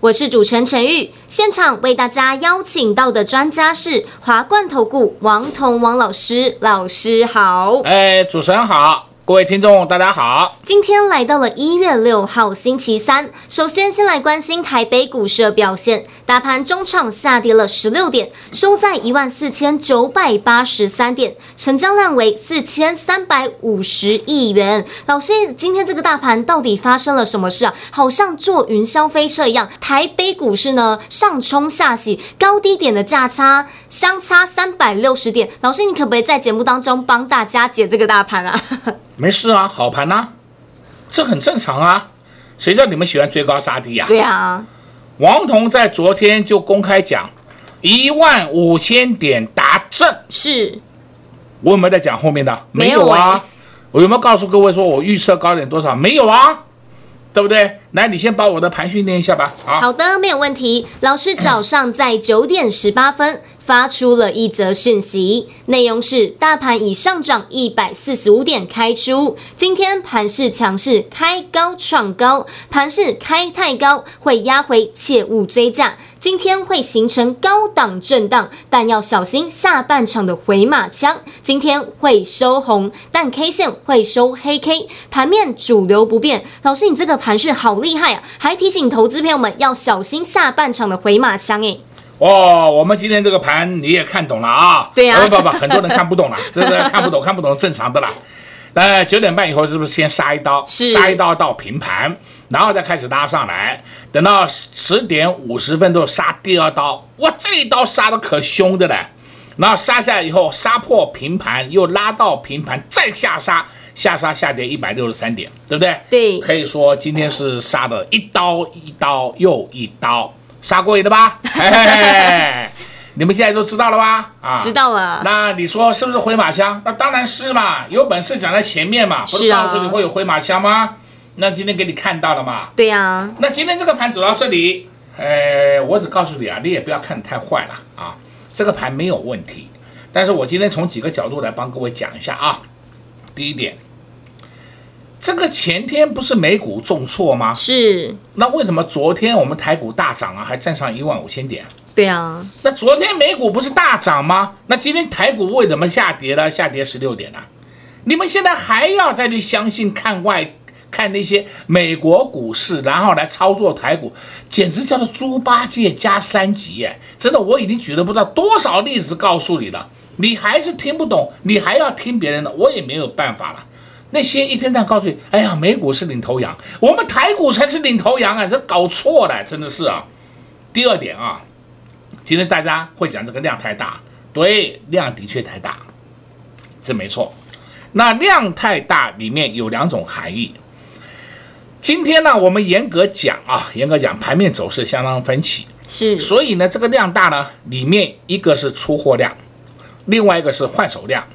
我是主持人陳玉，現場為大家邀請到的專家是華冠投顧王彤王老師，老師好。哎、欸，主持人好。各位聽眾，大家好。今天來到了一月六號星期三，首先先來關心台北股市的表現。大盤中場下跌了十六點，收在一萬四千九百八十三點，成交量為四千三百五十億元。老師，今天這個大盤到底發生了什麼事啊？好像坐雲霄飛車一樣，台北股市呢上衝下洗，高低點的價差相差三百六十點。老師，你可不可以在節目當中幫大家解這個大盤啊？沒事啊，好盤吶、啊，這很正常啊，誰叫你們喜歡追高殺低呀？對呀、啊，王彤在昨天就公開講，一萬五千點達陣是，我有沒有在講後面的？沒有啊沒有、欸，我有沒有告訴各位說我預測高點多少？沒有啊，對不對？來，你先把我的盤訓練一下吧。好,好的，沒有問題。老師早上在九點十八分。發出了一則訊息，內容是：大盤已上漲一百四十五點開出，今天盤勢強勢，開高創高，盤勢開太高會壓回，切勿追價。今天會形成高檔震盪，但要小心下半場的回馬槍。今天會收紅，但 K 線會收黑 K，盤面主流不變。老師，你這個盤勢好厲害啊！還提醒投資朋友們要小心下半場的回馬槍誒，哦，我們今天這個盤你也看懂了啊？對呀、啊。不不不，很多人看不懂了，這 個看不懂，看不懂正常的啦。哎、呃，九點半以後是不是先殺一刀？是。殺一刀到平盤，然後再開始拉上來，等到十點五十分鐘殺第二刀。哇，這一刀殺得可凶的了。然後殺下來以後殺破平盤，又拉到平盤，再下殺，下殺下跌一百六十三點，對不對？對。可以說今天是殺的一刀，一刀又一刀。哦殺過癮的吧，嘿、 hey,，hey, hey, hey, hey, 你們現在都知道了吧？啊，知道了。那你說是不是回馬槍？那當然是嘛，有本事講在前面嘛，不是告訴你會有回馬槍嗎？啊、那今天給你看到了嘛？對呀、啊。那今天這個盤走到這裡，呃，我只告訴你啊，你也不要看太壞了啊，這個盤沒有問題。但是我今天從幾個角度來幫各位講一下啊，第一點。這個前天不是美股重挫嗎？是。那為什麼昨天我們台股大漲啊，還站上一萬五千點？對啊。那昨天美股不是大漲嗎？那今天台股為什麼下跌了？下跌十六點呢？你們現在還要再去相信看外看那些美國股市，然後來操作台股，簡直叫做豬八戒加三級耶！真的，我已經舉了不知道多少例子告訴你了，你還是聽不懂，你還要聽別人的，我也沒有辦法了。那些一天到晚告訴你，哎呀，美股是領頭羊，我們台股才是領頭羊啊，這搞錯了，真的是啊。第二點啊，今天大家會講這個量太大，對，量的確太大，這沒錯。那量太大裡面有兩種含義。今天呢，我們嚴格講啊，嚴格講，盤面走勢相當分歧，是，所以呢，這個量大呢，裡面一個是出貨量，另外一個是換手量。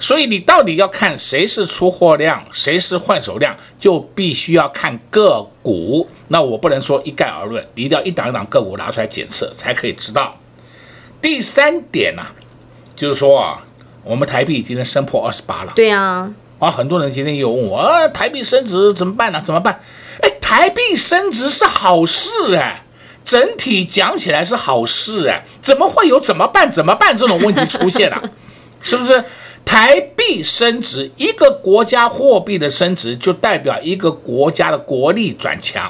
所以你到底要看誰是出貨量，誰是換手量，就必須要看個股。那我不能說一概而論，你一定要一檔一檔個股拿出來檢測才可以知道。第三點呢、啊，就是說啊，我們台幣已經升破二十八了。對呀、啊，啊，很多人今天又問我啊，台幣升值怎麼辦呢、啊？怎麼辦？誒、哎，台幣升值是好事誒、哎，整體講起來是好事誒、哎，怎麼會有怎麼辦怎麼辦這種問題出現呢、啊？ 是不是？台幣升值，一個國家貨幣的升值就代表一個國家的國力轉強。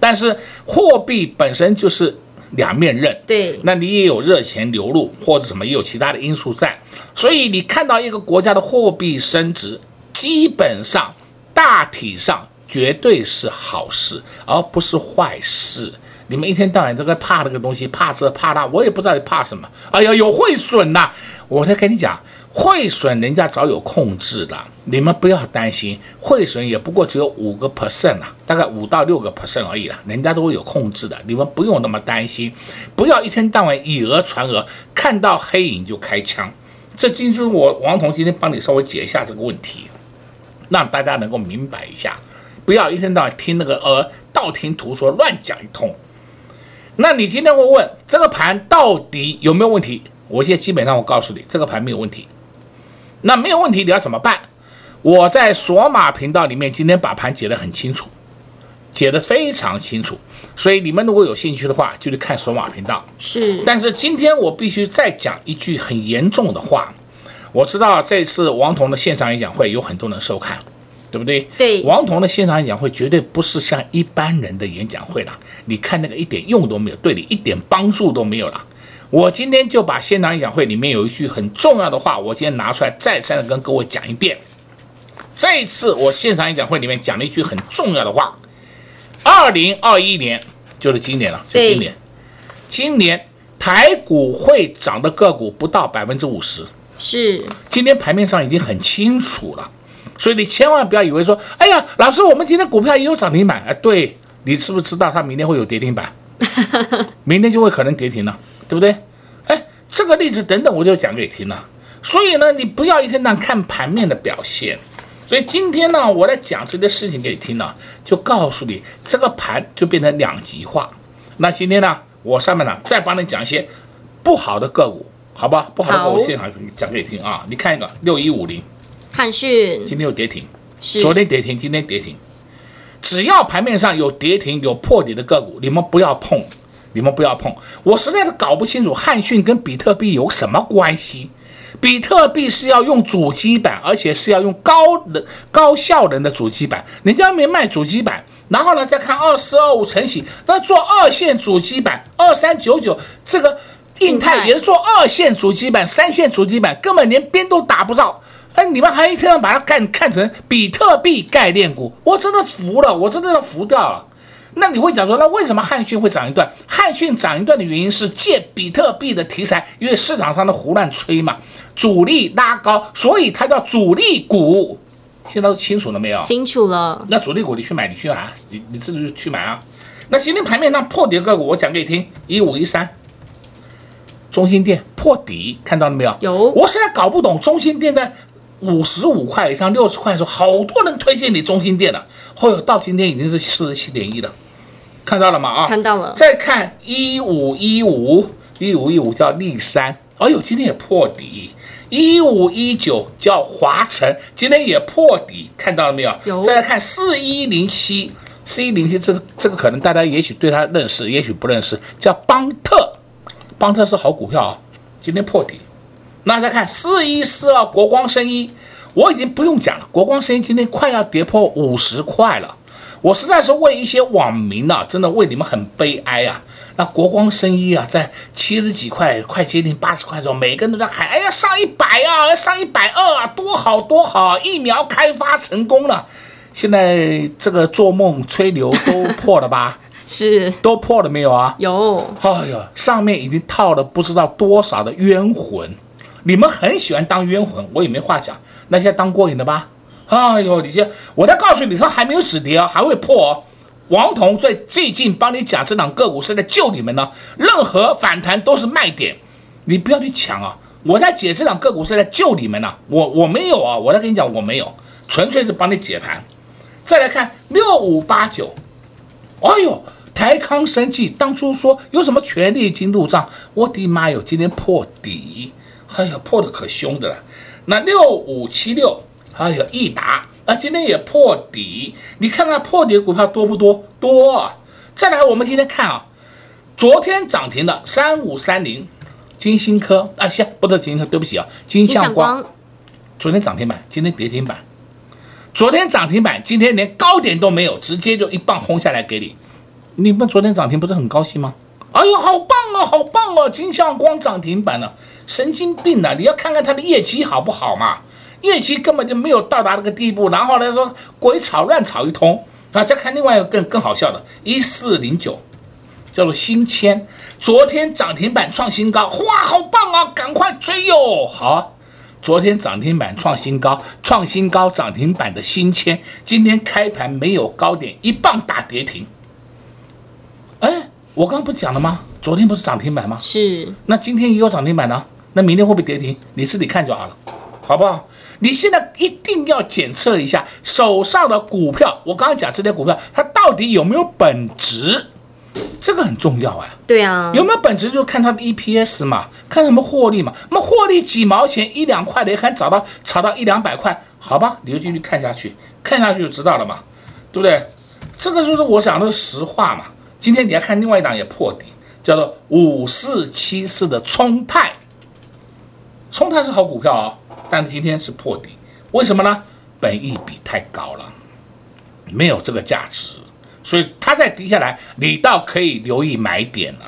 但是貨幣本身就是兩面刃，對，那你也有熱錢流入或者什麼，也有其他的因素在。所以你看到一個國家的貨幣升值，基本上大體上絕對是好事，而不是壞事。你們一天到晚都在怕那個東西，怕這怕那，我也不知道怕什麼。哎呀，有匯損吶、啊，我再跟你講，匯損人家早有控制了，你們不要擔心，匯損也不過只有五個 percent 啊，大概五到六個 percent 而已了、啊，人家都會有控制的，你們不用那麼擔心，不要一天到晚以訛傳訛，看到黑影就開槍。這今天我王彤今天幫你稍微解一下這個問題，讓大家能夠明白一下，不要一天到晚聽那個呃道聽途說亂講一通。那你今天會問，問這個盤到底有沒有問題？我現在基本上我告訴你，這個盤沒有問題。那沒有問題，你要怎麼辦？我在索馬頻道裡面今天把盤解得很清楚，解得非常清楚。所以你們如果有興趣的話，就去看索馬頻道。是，但是今天我必須再講一句很嚴重的話。我知道這次王彤的線上演講會有很多人收看。對不對？對，王彤的現場演講會絕對不是像一般人的演講會了。你看那個一點用都沒有，對你一點幫助都沒有了。我今天就把現場演講會裡面有一句很重要的話，我今天拿出來再三的跟各位講一遍。這一次我現場演講會裡面講了一句很重要的話，二零二一年就是今年了，就今年，今年台股會漲的個股不到百分之五十。是，今天盤面上已經很清楚了。所以你千萬不要以為說，哎呀，老師，我們今天股票也有漲停板啊。哎，對，你知不知道它明天會有跌停板， 明天就會可能跌停了，對不對？哎，這個例子等等我就講給你聽了。所以呢，你不要一天到晚看盤面的表現。所以今天呢，我來講這些事情給你聽了，就告訴你這個盤就變成兩極化。那今天呢，我上面呢再幫你講一些不好的個股，好吧？不好的個股先講講給你聽啊，你看一個六一五零。漢訊今天又跌停，昨天跌停，今天跌停。只要盤面上有跌停、有破底的個股，你們不要碰，你們不要碰。我實在是搞不清楚漢訊跟比特幣有什麼關係。比特幣是要用主機板，而且是要用高能、高效能的主機板。人家沒賣主機板，然後呢，再看二四二五承啟，那做二線主機板，二三九九這個映泰，映泰也是做二線主機板、三線主機板，根本連邊都打不到。哎，你們還一天要把它看看成比特幣概念股，我真的服了，我真的要服掉了。那你會講說，那為什麼撼訊會漲一段？撼訊漲一段的原因是借比特幣的題材，因為市場上的胡亂吹嘛，主力拉高，所以它叫主力股。現在都清楚了沒有？清楚了。那主力股你去買，你去買，你買你，你自己去買啊。那今天盤面上破底的個股，我講給你聽，一五一三，中興電破底，看到了沒有？有。我現在搞不懂中興電在。五十五塊以上，六十塊的時候，好多人推薦你中心店的。哦喲，到今天已經是四十七點一了，看到了嗎？啊，看到了。再看一五一五，一五一五叫力山，哎喲，今天也破底。一五一九叫華城，今天也破底，看到了沒有？來4107，有。再看四一零七，四一零七，這這個可能大家也許對它認識，也許不認識，叫邦特，邦特是好股票啊，今天破底。那再看，四一四二國光生醫，我已經不用講了。國光生醫今天快要跌破五十塊了，我實在是為一些網民啊，真的為你們很悲哀啊。那國光生醫啊，在七十幾塊，快接近八十塊的時候，每個人都在喊：哎呀，上一百啊，上一百二啊，多好多好！疫苗開發成功了，現在這個做夢吹牛都破了吧？是，都破了沒有啊？有。哎呀，上面已經套了不知道多少的冤魂。你們很喜歡當冤魂，我也沒話講。那些當過癮的吧？哎呦，你這我再告訴你，它還沒有止跌，哦，還會破，哦。王彤在最近幫你講這檔個股是在救你們呢。任何反彈都是賣點，你不要去搶啊！我在解這檔個股是在救你們呢。我我沒有啊，我在跟你講我沒有，純粹是幫你解盤。再來看六五八九，哎呦，台康生技，當初說有什麼權利金入賬，我的媽呦，今天破底。哎呦，破的可兇的了！那六五七六，還有逸達，那今天也破底。你看看破底的股票多不多？多。再來，我們今天看啊，昨天漲停的三五三零，晶心科，哎，行，不是晶心科，對不起啊，晶相光，晶相光，昨天漲停板，今天跌停板。昨天漲停板，今天連高點都沒有，直接就一棒轟下來給你。你們昨天漲停不是很高興嗎？哎呦，好棒哦、啊，好棒哦、啊，晶相光漲停板了。神經病吶、啊，你要看看他的業績好不好嘛？業績根本就沒有到達那個地步，然後來說鬼炒亂炒一通啊！再看另外一個更更好笑的，一四零九，叫做新纖，昨天漲停板創新高，哇，好棒啊，趕快追喲！好，昨天漲停板創新高，創新高漲停板的新纖，今天開盤沒有高點，一棒大跌停。哎，我剛剛不講了嗎？昨天不是漲停板嗎？是。那今天也有漲停板呢？那明天會不會跌停？你自己看就好了，好不好？你現在一定要檢測一下手上的股票。我剛剛講這些股票，它到底有沒有本質，這個很重要啊。對啊。有沒有本質就是看它的 EPS 嘛，看什麼獲利嘛。那麼獲利幾毛錢、一兩塊的，也可以炒到炒到一兩百塊，好吧？你就繼續看下去，看下去就知道了嘛，對不對？這個就是我講的實話嘛。今天你要看另外一檔也破底，叫做五四七四的沖泰。通常是好股票啊、哦，但是今天是破底，為什麼呢？本益比太高了，沒有這個價值，所以它再低下來，你倒可以留意買點了。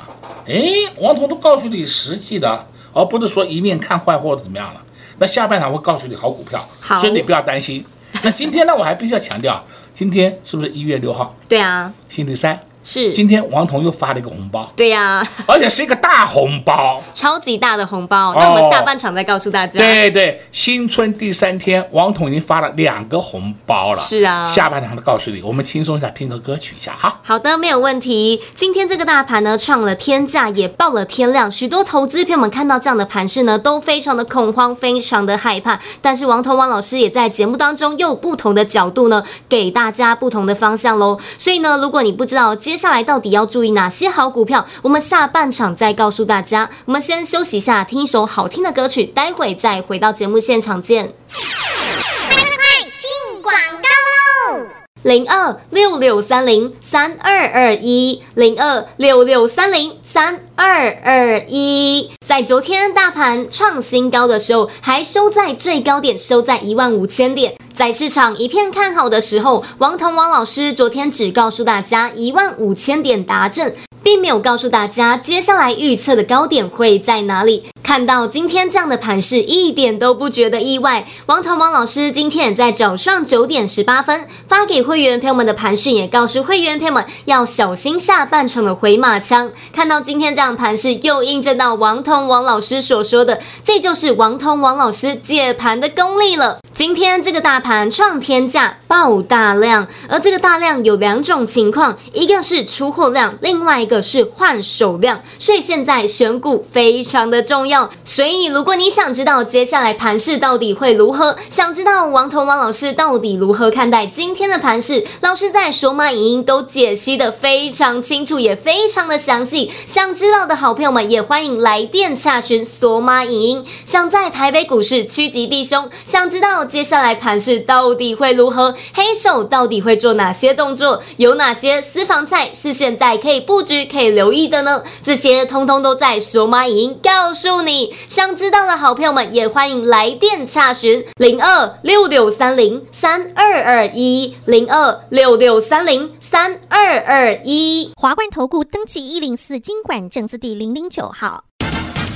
哎，王彤都告訴你實際的，而不是說一面看壞或者怎麼樣了。那下半場會告訴你好股票，好，所以你不要擔心。那今天呢，我還必須要強調，今天是不是一月六號？對啊，星期三。是，今天王彤又發了一個紅包，對呀、啊，而且是一個大紅包，超級大的紅包、哦。那我們下半場再告訴大家。對對，新春第三天，王彤已經發了兩個紅包了。是啊，下半場再告訴你。我們輕鬆一下，聽個歌曲一下哈。好的，沒有問題。今天這個大盤呢，創了天價，也爆了天量，許多投資朋友們看到這樣的盤勢呢，都非常的恐慌，非常的害怕。但是王彤王老師也在節目當中，又有不同的角度呢，給大家不同的方向嘍。所以呢，如果你不知道接接下來到底要注意哪些好股票？我們下半場再告訴大家。我們先休息一下，聽一首好聽的歌曲，待會再回到節目現場見。零二六六三零三二二一，零二六六三零三二二一。在昨天大盤創新高的時候，還收在最高點，收在一萬五千點。在市場一片看好的時候，王彤王老師昨天只告訴大家一萬五千點達陣，並沒有告訴大家接下來預測的高點會在哪裡。看到今天這樣的盤勢，一點都不覺得意外。王彤王老師今天也在早上九點十八分發給會員朋友們的盤訊，也告訴會員朋友們要小心下半場的回馬槍。看到今天這樣盤勢，又印證到王彤王老師所說的，這就是王彤王老師解盤的功力了。今天這個大盤創天價爆大量，而這個大量有兩種情況，一個是出貨量，另外一個是換手量。所以現在選股非常的重要。所以如果你想知道接下來盤勢到底會如何，想知道王頭王老師到底如何看待今天的盤勢，老師在索馬影音都解析的非常清楚，也非常的詳細。想知道的好朋友們也歡迎來電洽詢索馬影音。想在台北股市趨吉避凶，想知道。接下來盤勢到底會如何？黑手到底會做哪些動作？有哪些私房菜是現在可以布局、可以留意的呢？這些通通都在說媽已經告訴你。想知道的好朋友們也歡迎來電查詢零二六六三零三二二一零二六六三零三二二一。華冠投顧登記一零四金管證字第零零九號。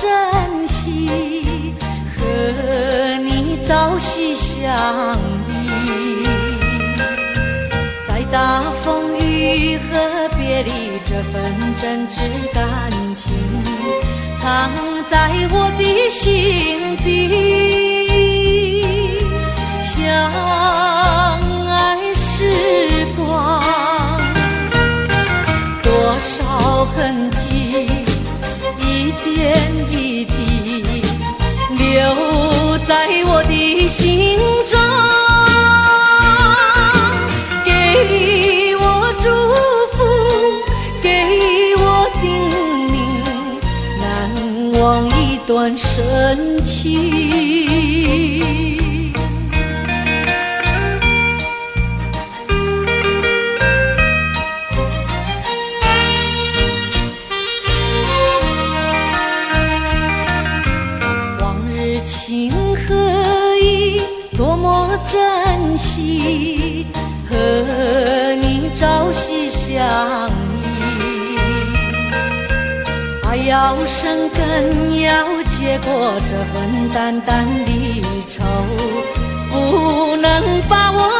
珍惜和你朝夕相依，在大風雨和別離，這份真摯感情藏在我的心底。相愛時光，多少恨。一段深情，往日情和意，多麼珍惜，和你朝夕相依，愛要生根。接過這份淡淡的愁，不能把我。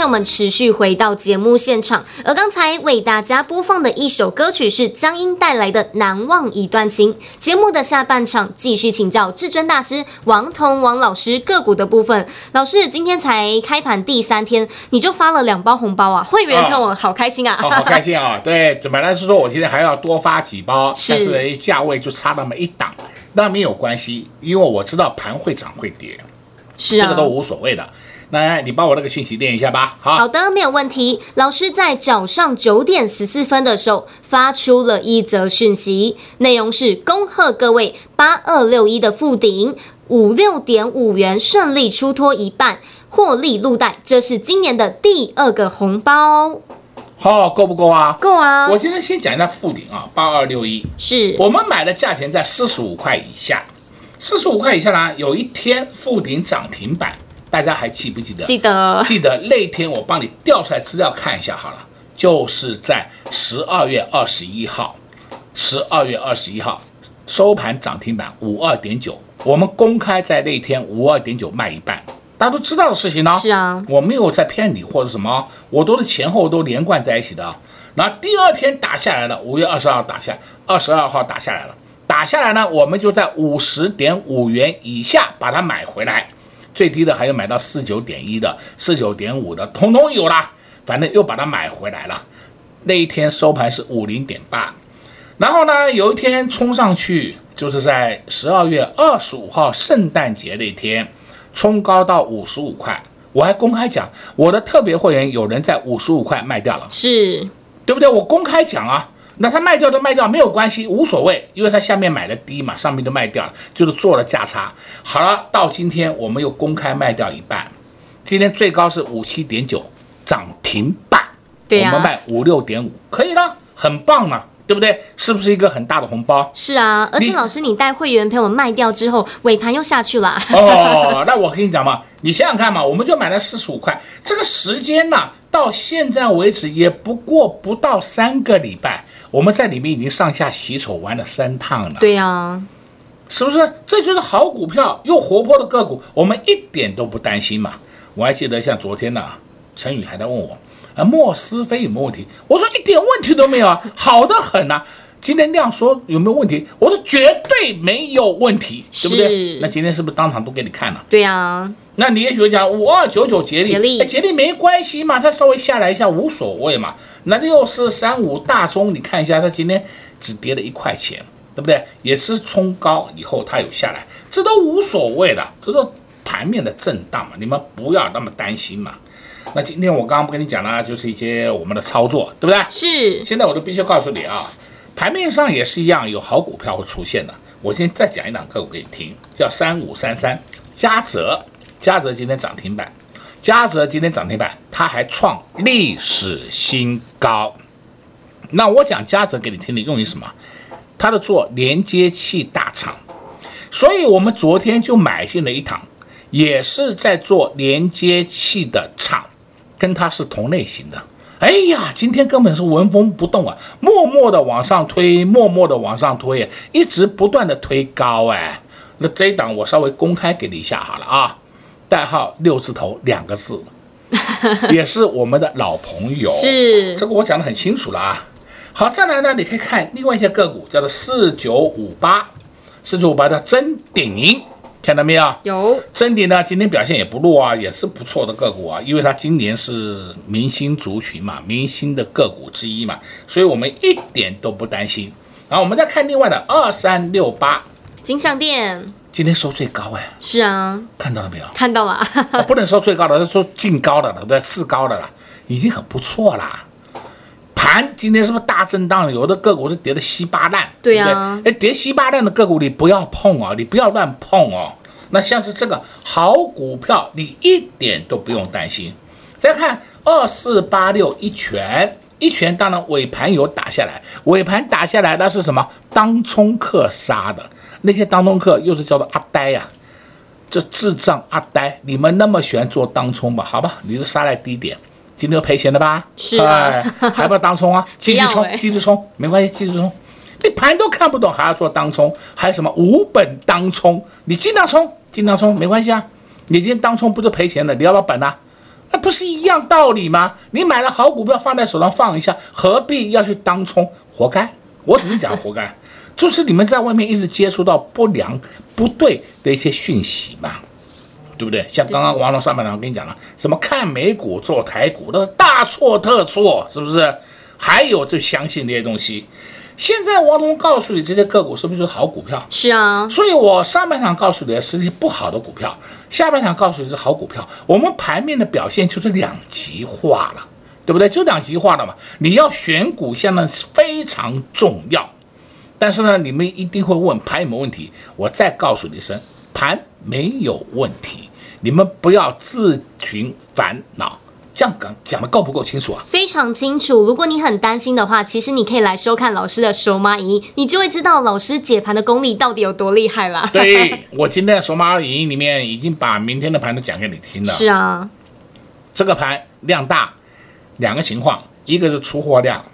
讓我們持續回到節目現場，而剛才為大家播放的一首歌曲是江陰帶來的《難忘一段情》。節目的下半場繼續請教至尊大師王同王老師個股的部分。老師今天才開盤第三天，你就發了兩包紅包啊？會員看我好開心啊，哦 哦哦！好開心啊，哦！對，怎麼來說？我今天還要多發幾包，但是價位就差那麼一檔，那沒有關係，因為我知道盤會漲會跌，是啊，這個都無所謂的。來你幫我那個訊息念一下吧。好，好的，沒有問題。老師在早上九點十四分的時候發出了一則訊息，內容是：恭賀各位八二六一的復頂，五六點五元順利出脫一半，獲利入袋，這是今年的第二個紅包。好、哦，夠不夠啊？夠啊。我今天先講一下復頂啊，八二六一是我們買的價錢在四十五塊以下，四十五塊以下呢，有一天復頂漲停板。大家還記不記得？記得，記得那天我幫你調出來資料看一下好了，就是在十二月二十一號，十二月二十一號收盤漲停板五二點九，我們公開在那天五二點九賣一半，大家都知道的事情呢。是啊，我沒有在騙你或者什麼，我都是前後都連貫在一起的。那第二天打下來了，五月二十二打下，二十二號打下來了，打下來呢，我們就在五十點五元以下把它買回來。最低的還有買到四九點一的，四九點五的，統統有了。反正又把它買回來了。那一天收盤是五零點八，然後呢，有一天衝上去，就是在十二月二十五號聖誕節那天，衝高到五十五塊。我還公開講，我的特別會員有人在五十五塊賣掉了，是對不對？我公開講啊。那他賣掉就賣掉沒有關係，無所謂，因為他下面買的低嘛，上面都賣掉了，就是做了價差。好了，到今天我們又公開賣掉一半，今天最高是五七點九，漲停板。對啊，我們賣五六點五，可以了，很棒嘛，對不對？是不是一個很大的紅包？是啊，而，而且老師，你帶會員陪我賣掉之後，尾盤又下去了。哦，那我跟你講嘛，你想想看嘛，我們就買了四十五塊，這個時間呢？到現在為止也不過不到三個禮拜，我們在裡面已經上下洗手玩了三趟了。對呀、啊,是不是這就是好股票又活潑的個股？我們一點都不擔心嘛。我還記得像昨天呢、啊，陳宇還在問我，啊，莫斯菲有沒有問題？我說一點問題都沒有啊，好得很呢、啊。今天量縮有沒有問題？我說絕對沒有問題，對不對？是。那今天是不是當場都給你看了？對呀、啊。那你也許講五二九九杰力，杰力沒關係嘛，它稍微下來一下無所謂嘛。那六四三五大中，你看一下，它今天只跌了一塊錢，對不對？也是衝高以後它有下來，這都無所謂的，這都盤面的震盪嘛，你們不要那麼擔心嘛。那今天我剛剛不跟你講了，就是一些我們的操作，對不對？是。現在我就必須告訴你啊。台面上也是一樣，有好股票會出現的。我先再講一檔個股給你聽，叫三五三三嘉澤，嘉澤今天漲停板，嘉澤今天漲停板，它還創歷史新高。那我講嘉澤給你聽的用意什麼？他的做連接器大廠，所以我們昨天就買進了一檔，也是在做連接器的廠，跟它是同類型的。哎呀，今天根本是紋風不動啊，默默的往上推，默默的往上推，一直不斷的推高哎。那這一檔我稍微公開給你一下好了啊，代號六字頭兩個字， 也是我們的老朋友。是，這個我講得很清楚了啊。好，再來呢，你可以看另外一些個股，叫做四九五八，四九五八叫臻鼎看到沒有？有真迪呢，今天表現也不弱啊，也是不錯的個股啊，因為它今年是明星族群嘛，明星的個股之一嘛，所以我們一點都不擔心。然、啊、後我們再看另外的二三六八，金像電，今天收最高哎，是啊，看到了沒有？看到了， 不能說最高的，要說淨高的了，對，四高的了，已經很不錯了。盤，今天是不是大震盪？有的個股是跌的稀巴爛，對不、啊、對？哎，跌稀巴爛的個股你不要碰啊、哦，你不要亂碰哦。那像是這個好股票，你一點都不用擔心。再看2486一詮一詮，一詮當然尾盤有打下來，尾盤打下來那是什麼？當沖客殺的那些當沖客，又是叫做阿呆呀、啊，這智障阿呆，你們那麼喜歡做當沖吧？好吧，你就殺在低點。今天賠錢的吧？是啊、哎，還要不要當沖啊？繼續衝，繼續、欸、衝，沒關係，繼續衝。你盤都看不懂，還要做當沖？還有什麼無本當沖？你盡量衝，盡量衝，沒關係啊。你今天當沖不就賠錢的，你要不要本吶、啊？那、啊、不是一樣道理嗎？你買了好股票放在手上放一下，何必要去當沖？活該！我只能講活該， 就是你們在外面一直接觸到不良、不對的一些訊息嘛。對不對？像剛剛王龍上半場我跟你講了對對對，什麼看美股做台股都是大錯特錯，是不是？還有就相信這些東西。現在王龍告訴你這些個股是不是就是好股票？是啊。所以我上半場告訴你是一些不好的股票，下半場告訴你是好股票。我們盤面的表現就是兩極化了，對不對？就兩極化了嘛。你要選股相當非常重要。但是呢，你們一定會問盤有沒有問題？我再告訴你一聲，盤沒有問題。你們不要自尋煩惱，這樣講講得夠不夠清楚啊？非常清楚。如果你很擔心的話，其實你可以來收看老師的《手瑪影》，你就會知道老師解盤的功力到底有多厲害了。對，我今天的《手瑪影》裡面已經把明天的盤都講給你聽了。是啊，這個盤量大，兩個情況，一個是出貨量，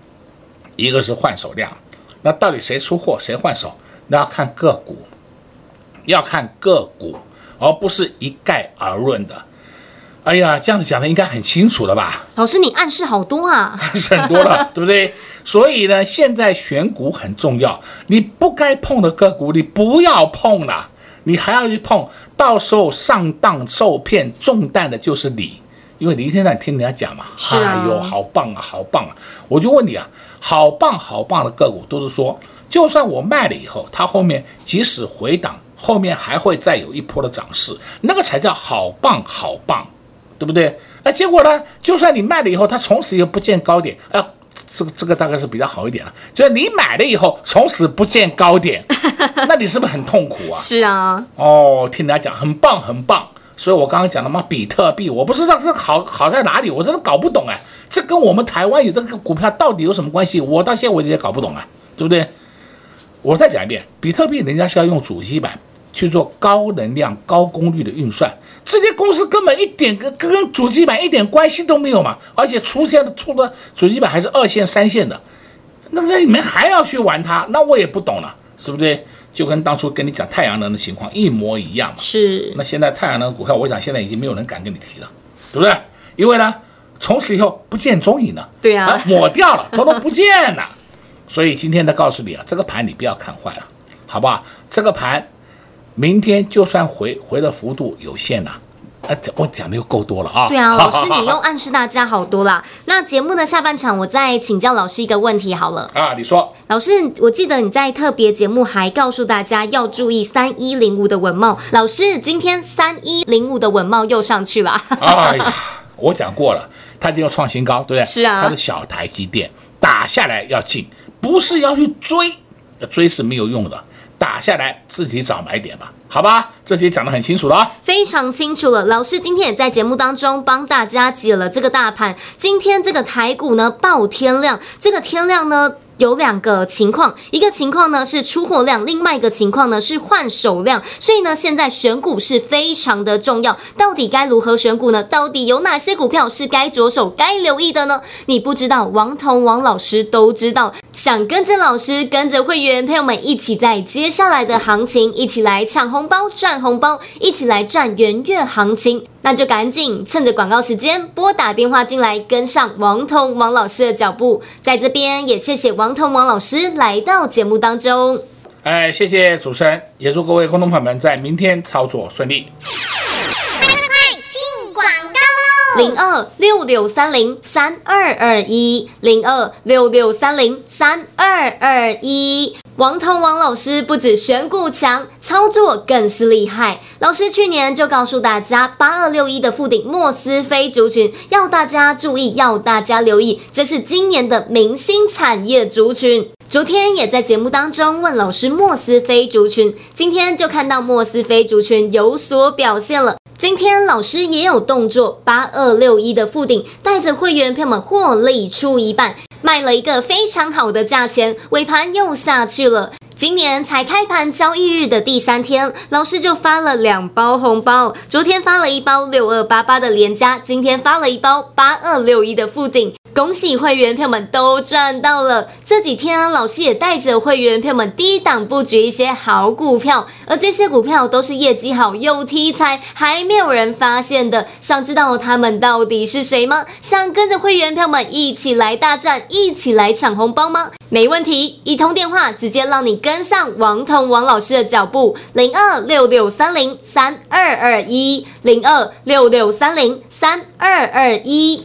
一個是換手量。那到底誰出貨，誰換手？那要看個股，要看個股。而、哦、不是一概而論的。哎呀，這樣講的應該很清楚了吧？老師，你暗示好多啊， 很多了，對不對？所以呢，現在選股很重要，你不該碰的個股，你不要碰了。你還要去碰，到時候上當受騙、中彈的就是你，因為你一天在聽人家講嘛、是啊。哎呦，好棒啊，好棒啊！我就問你啊，好棒好棒的個股，都是說，就算我賣了以後，它後面即使回檔。後面還會再有一波的漲勢，那個才叫好棒好棒，對不對？那、哎、結果呢？就算你賣了以後，它從此也不見高點，哎，這個這個大概是比較好一點了。就是你買了以後，從此不見高點， 那你是不是很痛苦啊？是啊。哦，聽人家講很棒很棒，所以我剛剛講的嘛，比特幣，我不知道這好好在哪裡，我真的搞不懂啊、哎，這跟我們台灣有這個股票到底有什麼關係？我到現在我也搞不懂啊，對不對？我再講一遍，比特幣人家是要用主機板。去做高能量、高功率的運算，這些公司根本一點跟跟主機板一點關係都沒有嘛！而且出現的出的主機板還是二線、三線的，那那你們還要去玩它？那我也不懂了，是不是？就跟當初跟你講太陽能的情況一模一樣嘛？是。那現在太陽能的股票，我想現在已經沒有人敢跟你提了，對不對？因為呢，從此以後不見蹤影了，對啊，呃、抹掉了，頭都不見了。 所以今天他告訴你啊，這個盤你不要看壞了，好不好？這個盤。明天就算回回的幅度有限了，啊，啊，我講的又夠多了啊！對啊， 老師，你又暗示大家好多了。那節目的下半場，我再請教老師一個問題好了。啊，你說，老師，我記得你在特別節目還告訴大家要注意三一零五的穩懋。老師，今天三一零五的穩懋又上去了。 哎呀，我講過了，它就要創新高，對不對？是啊，它是小台積電打下來要進，不是要去追，追是沒有用的。打下來自己找買點吧，好吧，這些講得很清楚了。哦，非常清楚了。老師今天也在節目當中幫大家解了這個大盤，今天這個台股呢爆天量，這個天量呢。有兩個情況，一個情況呢是出貨量，另外一個情況呢是換手量。所以呢，現在選股是非常的重要。到底該如何選股呢？到底有哪些股票是該着手、該留意的呢？你不知道，王彤王老師都知道。想跟着老師、跟着會員朋友們一起，在接下來的行情，一起來搶紅包、賺紅包，一起來賺元月行情。那就趕緊趁着廣告時間撥打電話進來，跟上王彤王老師的腳步。在這邊也謝謝王彤王老師來到節目當中。哎，謝謝主持人，也祝各位觀眾朋友們在明天操作順利。拜拜，進廣告，零二六六三零三二二一，零二六六三零三二二一。王通王老師不止選股強，操作更是厲害。老師去年就告訴大家，八二六一的富鼎莫斯菲族群，要大家注意，要大家留意，這是今年的明星產業族群。昨天也在節目當中問老師莫斯菲族群，今天就看到莫斯菲族群有所表現了。今天老師也有動作，八二六一的富鼎，帶着會員朋友們獲利出一半。賣了一個非常好的價錢，尾盤又下去了。今年才開盤交易日的第三天，老師就發了兩包紅包。昨天發了一包六二八八的聯嘉，今天發了一包八二六一的富鼎。恭喜會員朋友們都賺到了！這幾天啊，老師也帶着會員朋友們低檔布局一些好股票，而這些股票都是業績好又題材還沒有人發現的。想知道他們到底是誰嗎？想跟着會員朋友們一起來大賺，一起來搶紅包嗎？沒問題，一通電話直接讓你跟上王彤王老師的腳步：零二六六三零三二二一零二六六三零三二二一。